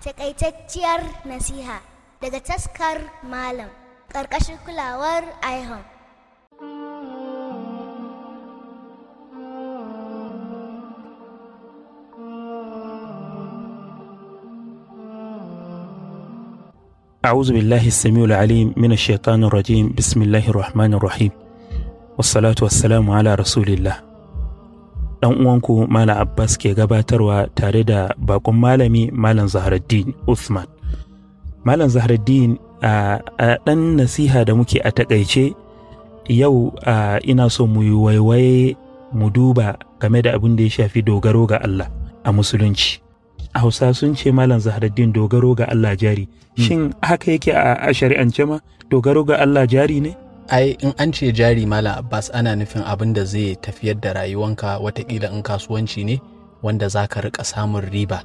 Takaitacciyar nasiha daga taskar Malam ƙarƙashin kulawar IHOM. أعوذ بالله السميع العليم من الشيطان الرجيم بسم الله الرحمن الرحيم والصلاة والسلام على رسول الله dan uwanku Malam Abbas ke gabatarwa tare da bakon malami Malam Zahraddin usman Malam Zahraddin a dan nasiha da muke a takaice yau ina so mu yi waiwaye mu duba game da abin da ya shafi dogaro ga Allah a musulunci. A Hausa sun ce Malam Zahraddin dogaro ga Allah jari. Hmm. Shin haka yake a shari'ance ma dogaro ga Allah jari ne? ai in an ce jari mala abbas ana nufin abin da zai tafiyar da rayuwanka watakila in kasuwanci ne wanda za ka rika samun riba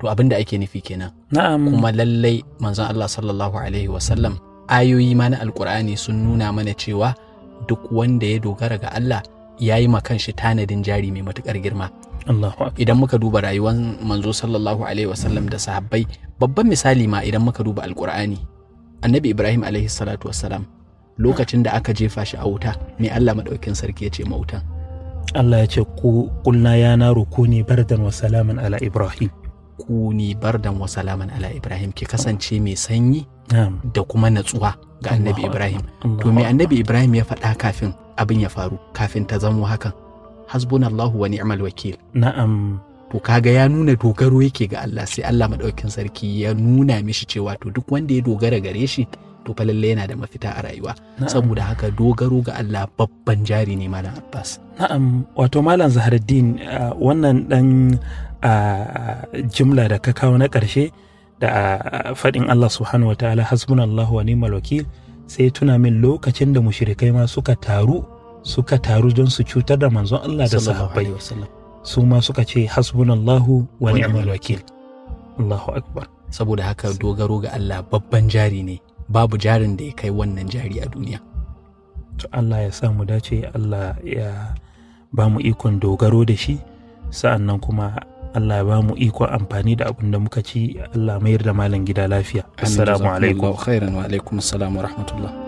to abin da ake nufi kenan na'am kuma lallai manzon Allah sallallahu alaihi sallam ayoyi ma na alkur'ani sun nuna mana cewa duk wanda ya dogara ga Allah ya yi ma kanshi tanadin jari mai matukar girma idan muka duba rayuwar manzo sallallahu alaihi sallam da sahabbai babban misali ma idan muka duba alkur'ani annabi ibrahim alaihi salatu wassalam lokacin da aka jefa shi a wuta mai Allah maɗaukin sarki ya ce ma Allah ya ce kulna ya naro ni bardan wa salaman ala Ibrahim kuni bardan wa salaman ala Ibrahim ki kasance mai sanyi da kuma natsuwa ga annabi Ibrahim to me annabi Ibrahim ya faɗa kafin abin ya faru kafin ta zamo hakan hasbunallahu wa ni'mal wakil na'am to kaga ya nuna dogaro yake ga Allah sai Allah maɗaukin sarki ya nuna mishi cewa to duk wanda ya dogara gare shi to fa lalle yana da mafita a rayuwa saboda haka dogaro ga Allah babban jari ne malam Abbas na'am wato malam Zaharuddin uh, wannan dan uh, jimla da ka kawo na karshe da uh, fadin Allah subhanahu wataala hasbunallahu wa ni'mal wakil sai tuna min lokacin da mushrikai ma suka taru suka taru don su cutar da manzon Allah da sahabbai su ma suka ce hasbunallahu wa ni'mal wakil Allahu akbar saboda haka dogaro ga Allah babban jari ne babu jarin da ya kai wannan jari a duniya to Allah ya samu dace Allah ya ba mu ikon dogaro da shi sa'annan kuma Allah ya ba mu ikon amfani da abin da muka ci Allah mayar da malam gida lafiya assalamu alaikum wa alaikum assalam wa rahmatullah